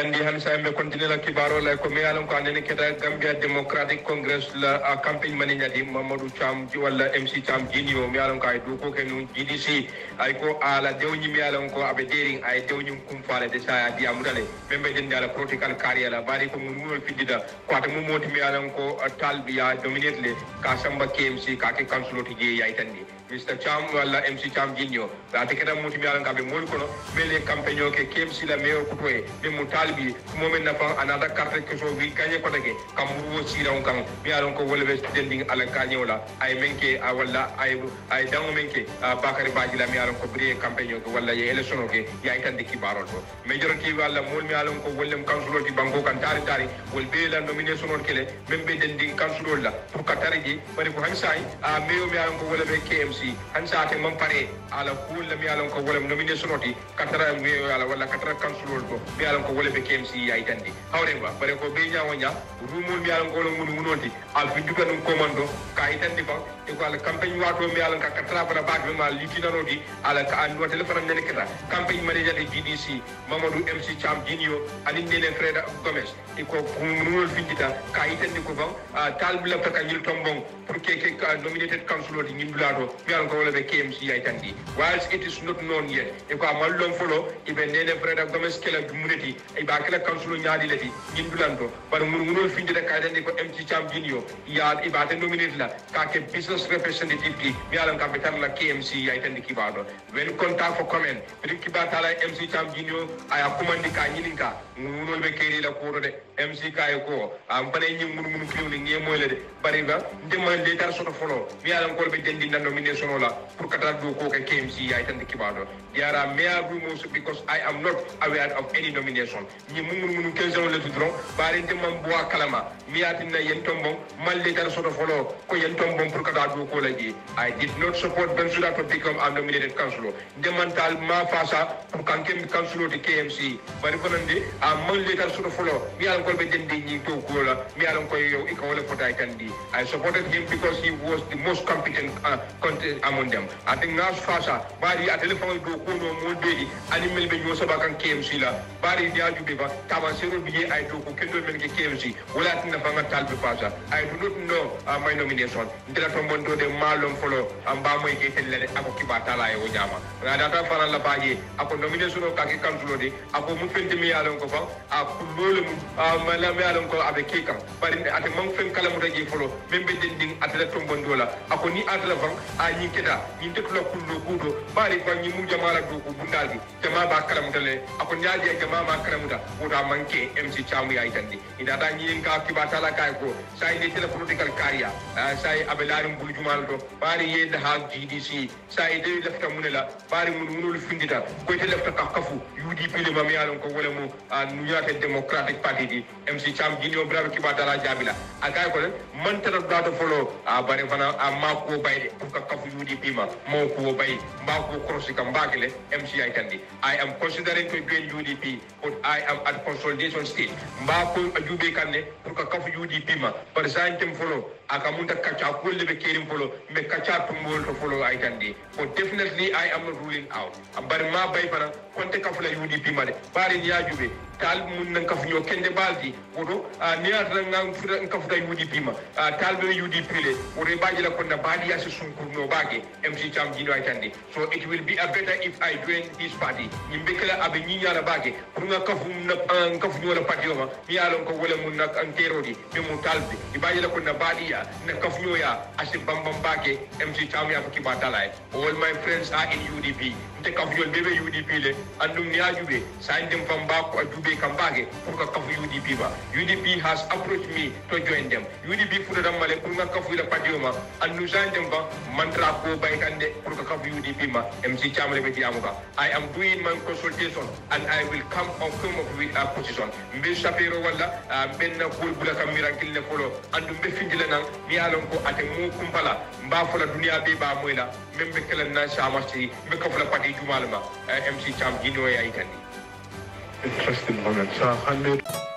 kandi hamsa yambe kontine la kibaro la ko mi alam ko andene keda gambia democratic congress la campagne mani nyadi mamadou cham ji wala mc cham jini o mi alam ko ay du ko ke nun gdc ay ko ala dewni mi alam ko abe derin ay dewni kum faale de sa di amudale membe den dala protocol carrière la bari ko mu mun fidida ko ta mum moti mi alam ko talbiya dominate le ka samba kmc ka ke councilor ti je yaitan Mr. Cham walla MC Cham jinño ate keta mutu mi alan moolu kono mele campagne o ke KMC la meilleur couto min mo taalbi momin nafan anata carte keso wi gagne kotake kam mburuwo siran kan mi alon ko wolle student ndin ala gagne ay menke a walla ay ay dango men ke bakary mi alon ko brie campaigne o ke walla ye élection o ke yay tan de kibarol to majorité walla mool mi alon ko wollem council oji banko kan taari taari wol ɓe la nomination on kele min ɓe den ndin la pour ka tariji bari ko hay sayi a meyo mi alon ko wolle KMC si han sa ke mon pare ala kul la mi ala ko wolam no minne sonoti katara mi ala wala katara kansulo ko mi ala ko wolé be kemsi ay tandi hawre ba bare ko be nyaa wonya rumu mi ala ko lo mun mun wonti al fi dugga num commando ka ay tandi ba e ko ala campagne wato mi ala ka katara bara baak be mal yiti naro di ala ka andu wote le faram ne nekata campagne mari jale GDC mamadou MC cham ginio ali ndene freda gomes e ko mun wol fitita ka ay tandi ko ba talbi la faka yil tombong pour ke ke nominated councilor di ngi bulato fiyan ko wala ɓe yay it is not known yet e ko a mallon folo eɓe nene vraiɗa gomes kela muneti eɓa kela kansulu ñaaɗi leti ñin dulanto bar gungunol findita kayitande ko mc cam jini o ya iɓate nominate la kake business representative ɗi mi alan kamɓe tarla kmc yay tan ɗi kibaɗo wen contact fo commen mbiɗen kiba tala mc cam jini aya kumandi ka ñinin ka gungunol ɓe keerila kuuto de mc kaye ko an fana e ñin gungun kiwni ñemoyle de bariba ndemman de tar soto folo mi be kolɓe dendindanɗo mine sono la KMC because I am not aware of any nomination. Ni Mumunu Kenzon Letudron, Barintimam Boa Kalama, Miatina Yentombong, Malletar Soto Follow, Koyentombong Purkadadu Kolegi. I did not support Bensula to become a nominated councillor. Demantal Mafasa, Pukankem Councillor to KMC. Barikonandi, a Malletar Soto Follow, Mialan to Kola, Mialan Koyo, Ikola Kotaikandi. I supported him because he was the most competent uh, among them. atin na fasa bari a telefon do ko no mode ani mel be nyoso ba kan KMC la bari dia ju be ba taban sero bi ay do ko kendo mel ke KMC wala tin na ba ngal talbe fasa ay do not no uh, may nomination ndela to mon do de malum folo am ba moy ke telle ako ki ba tala e o jama rada ta fara la ba baaje ako nomination ka ke kantulo de ako mu fenti mi yalon ko fa a ko kulole mu mala mi yalon ko avec ki kan bari atin man fen kala mu tagi folo membe den ding atela to mon do la ako ni atela van a nyi keda nyi cetula kundo kuto mari bangi lah. mu jamara do ko bundagi jama ba karam dale ako nyaaji e jama ma karam da wuta manke mc chamu yayi tandi ida da nyi ka ki ba tala kay ko sai ni tele political karia sai abelarum bu jumal do bari ye da ha gdc sai de lefta munela bari mun munul findita ko tele lefta ka kafu udp le mam yalon ko wala mu new york democratic party di mc cham gi ñoo bravo ki ba tala jabila akay ko man tan da do follow a ha, bari fana a mako bayde ko kafu udp ma bay krosi kam bakile mci i am considering to join udp but i am at consolidation stage mba ajube kanne pour ka udp ma par exemple folo akamunta kacha kulle be kerim polo me kacha tumbol to polo ay kandi so definitely i am not ruling out ambar ma bay fana konte kafla udp male bari ni ajube tal mun nan kaf nyo kende baldi wodo ni atan ngang fura kaf da udp ma tal be udp le wodo baji la konda badi ya sun kurno bage mc cham jino ay kandi so it will be a better if i join this party nimbe kala abe ni nyala bage kunga kafum na kaf nyo la party ma mi alon ko wala mun nak an terodi mi mun talbi baji la konda badi ya Kenya, Kafluya, Ashim Bambam Baki, MG Chamia Kibatala. All my friends are in UDP te kafuyol ɓe ɓe UDP le ni sa fam ko kam pour ka kafu UDP UDP has approached me to join them UDP pour ma mantra ko bay pour ka kafu UDP ma MC ka I am doing my consultation and I will come on come up with a uh, position mbe sapero walla ɓenna uh, kol bula kam mirankille folo an ɗum ɓe findila nan mi ko ate mo kumpala mba fola duniya ɓe ɓa moyla min ɓe kelan nan juma le ma mc cham gindo ya ikani trust in